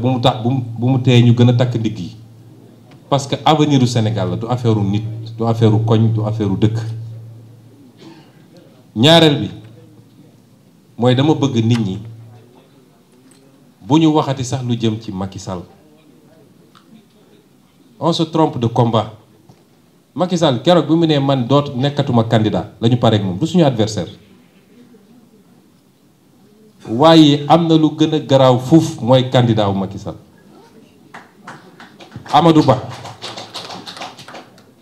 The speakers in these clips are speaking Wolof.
bu mu tax bu mu bu mu tee ñu gën a takk ndigg yi parce que avenir du Sénégal la du affaire nit du affaire koñ du affaire dëkk ñaareel bi mooy dama bëgg nit ñi bu ñu waxati sax lu jëm ci Macky Sall on de combat Macky Sall keroog bi mu ne man doot nekkatuma candidat la ñu pareeg moom du suñu adversaire waaye am na lu gën a garaaw fuuf mooy candidat wu Macky Sall Ba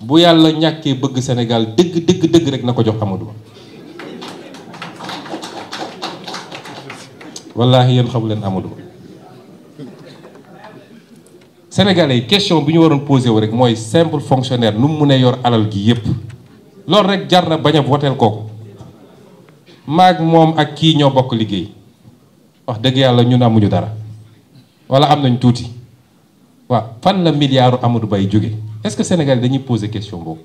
bu yàlla ñàkkee bëgg Sénégal dëgg dëgg dëgg rek na ko jox amadu Ba wallaahi yéen xamu leen Amadou Ba Sénégalais yi question bi ñu waroon posé wu rek mooy simple fonctionnaire nu mu mënee yor alal gi yépp loolu rek jar na bañ a woteel kooku maag moom ak kii ñoo bokk liggéey wax dëgg yàlla ñun amuñu dara wala am nañ tuuti waaw fan la milliardu Amadou Ba yi jóge est-ce que Sénégal dañuy poser question boobu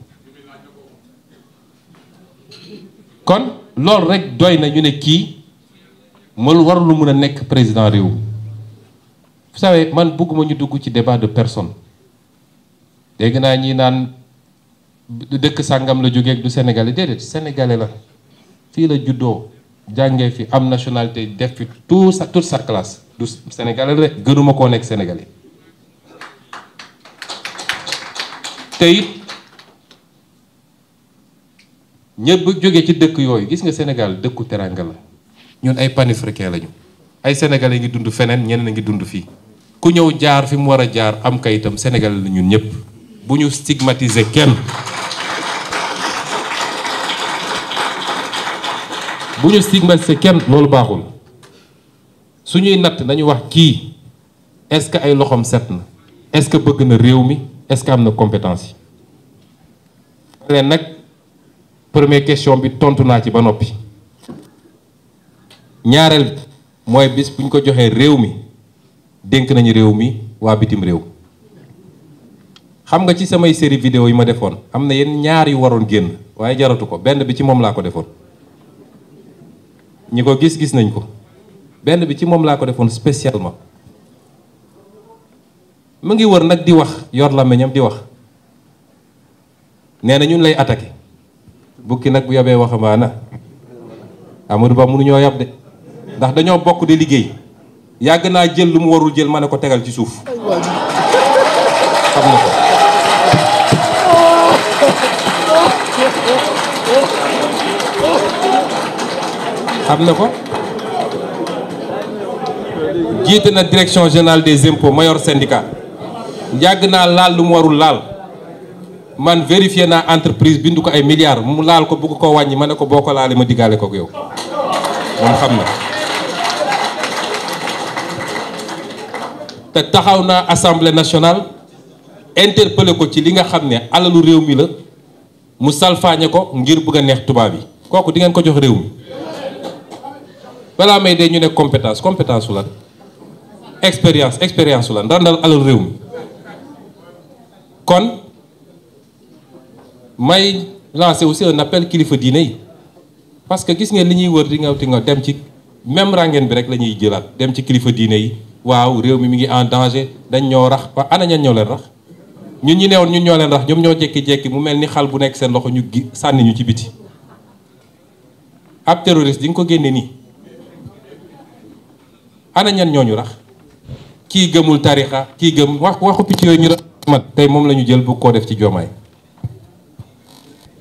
kon loolu rek doy na ñu ne kii mal war lu mun a nekk président réew vous savez man bëgguma ñu dugg ci débat de personne dégg naa ñi naan dëkk sàngam la jógeek du Sénégalais déedéet Sénégalais la fii la juddoo jàngee fi am nationalité def fi tout sa toute sa classe du sénégalais rek gënuma koo nekk sénégalais te it ñëpp jóge ci dëkk yooyu gis nga Sénégal dëkku teranga la ñun ay panafricain lañu ay sénégalais ngi dund feneen ñeneen a ngi dund fii ku ñëw jaar fi mu war a jaar am kayitam sénégalais la ñun ñëpp bu ñu stigmatiser kenn. bu ñu stigmatisé kenn loolu baaxul suñuy natt nañu wax kii est-ce que ay loxoom set na est-ce que bëgg na réew mi est am na compétence yi. ren nag premier question bi tontu naa ci ba noppi ñaareel mooy bis bu ñu ko joxee réew mi dénk nañu réew mi waa bitim réew. xam nga ci samay série vidéo yi ma defoon am na yenn ñaar yu waroon génn waaye jaratu ko benn bi ci moom laa ko defoon. ñi ko gis gis nañ ko benn bi ci moom laa ko defoon spécialement mu ngi wër nag di wax yor làmmiñam di wax nee na ñun lay attaqué bukki nag bu yobee waxambaana Amadou Ba mënuñoo yab de ndax dañoo bokk di liggéey yàgg naa jël lu mu warul jël ma ne ko tegal ci suuf na xam na ko jiite na direction générale des impôts mayor syndicat yàgg naa laal lu mu warul laal man vérifié naa entreprise bindu ko ay milliards mu laal ko bëgg ko wàññi ma ne ko boo ko laalee ma diggaale ko yow moom xam na te taxaw naa assemblée nationale interpellé ko ci li nga xam ne alalu réew mi la mu salfaañe ko ngir bëgg a neex tubaab yi kooku di ngeen ko jox réew mi balaa may dee ñu ne compétence compétence su lan expérience expérience su lan randal alal réew mi kon may lancer aussi un appel kilifa diine yi parce que gis ngeen li ñuy wër di nga ti nga dem ci même rangeen bi rek la ñuy jëlaat dem ci kilifa diine yi waaw réew mi mi ngi en danger dañ ñoo rax ba ana ñan ñoo leen rax ñun ñi neewoon ñun ñoo leen rax ñoom ñoo jékki-jékki mu mel ni xal bu nekk seen loxo ñu gi sànni ci biti ab terroriste di nga ko génne nii ana ñooñu rax kii gëmul tarixa kii gëm wax waxu picc yooyu ñu mat tey moom la ñu jël bu koo def ci joomaay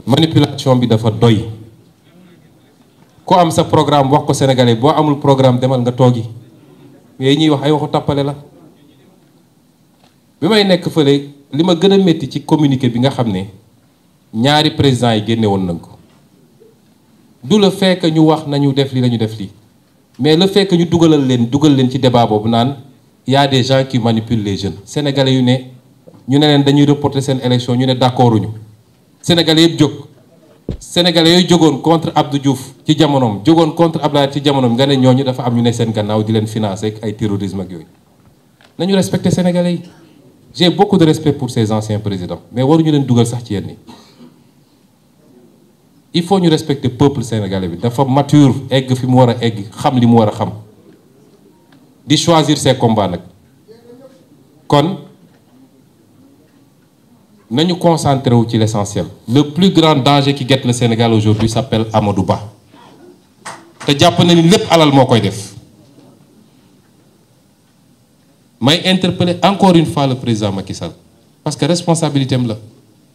manipulation bi dafa doy ku am sa programme wax ko sénégalais boo amul programme demal nga toogi mais ñuy wax ay waxu tappale la bi may nekk fële li ma gën a métti ci communiqué bi nga xam ne ñaari président yi génne woon nañ ko du le fait ñu wax nañu def li nañu def lii mais le fekk ñu dugalal leen dugal leen ci débat boobu naan y de des gens qui manipulent les jeunes sénégalais yu ne ñu ne leen dañuy reporter seen élection ñu ne d'accorduñu sénégalais yëpp jóg sénégalais yooyu jógoon contre Abdou Diouf ci jamonoom jógoon contre Abdoulaye ci jamonoom nga ne ñooñu dafa am ñu ne seen gannaaw di leen financé ak ay terrorisme ak yooyu nañu respecter sénégalais yi j'ai beaucoup de respect pour ces anciens présidents mais waruñu leen dugal sax ci yenn yi il faut ñu respecter peuple sénégalais bi dafa mature egg fi mu war a egg xam li mu war a xam di choisir ses combats nag kon nañu concentré wu ci l'essentiel le plus grand danger qui gert le Sénégal aujourd'hui s'appelle Amadou Ba te jàpp na lépp alal moo koy def may interpeller encore une fois le président Macky Sall parce que responsabilité am la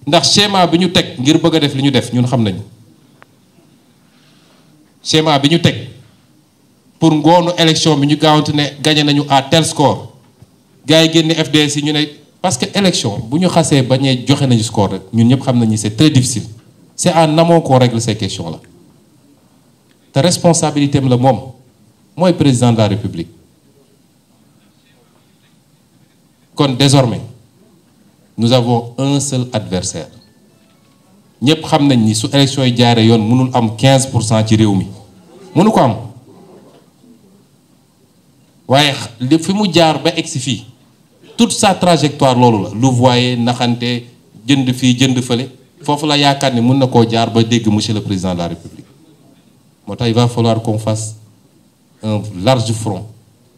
ndax schéma bi ñu teg ngir bëgg a def li ñu def ñun xam nañu schéma bi ñu teg pour ngoonu élection bi ñu gaawante ne gagné nañu à tel score gars yi génne FDS yi ñu ne parce que élection bu ñu xasee bañee joxe nañu score rek ñun ñëpp xam nañu ni c'est très difficile c'est en amont qu'on règle ces questions là te responsabilité la moom mooy président de la république kon désormais nous avons un seul adversaire ñëpp xam nañ ni su élection yi jaaree yoon mënul am 15 pour cent ci réew mi mënu ko am waaye li fi mu jaar ba egsi fii tout sa trajectoire loolu la lu voyé naxante jënd fii jënd fële foofu la yaakaar ni mun na koo jaar ba dégg monsieur le président de la république moo tax il va falloir qu'on fasse un large front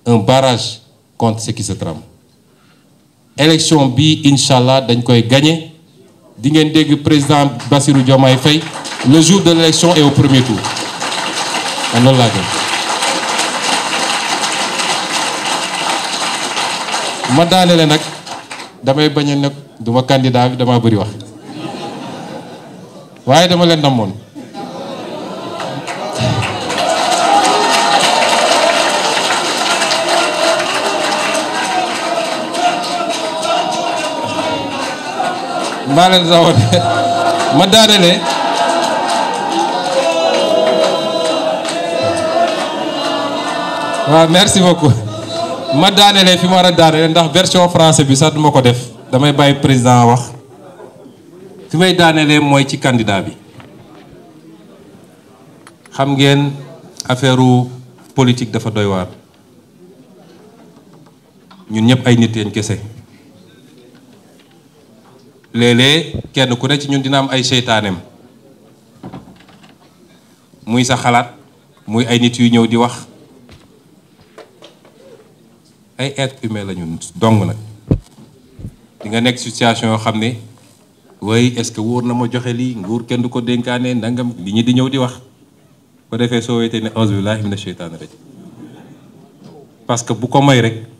un barrage contre ce qui se bi incha allah dañ koy gagner di ngeen dégg président Bassirou Diomaye Faye le jour de l'élection et au premier tour man ah, loolu laa gëm ma daanele nag damay bañ a nag duma candidat bi dama bëri wax waaye dama leen namoon maa leen rawoon ma daanele waaw merci beaucoup ma daanele fi ma war a daanele ndax version français bi sax duma ko def damay bàyyi président wax fi may daanelee mooy ci candidat bi xam ngeen affaire politique dafa doy waar ñun ñëpp ay nit yeen kese léeg-léeg kenn ku ne ci ñun dina am ay seytaaneem muy sa xalaat muy ay nit yu ñëw di wax ay être humain la ñun dong nag di nga nekk situation yoo xam ne way est-ce que wóor na ma joxe lii nguur kenn du ko dénkaane ndangam li ñu di ñëw di wax ko defee soo wéetee ne auzu billahi mina sheytaani rajim parce que bu ko may rek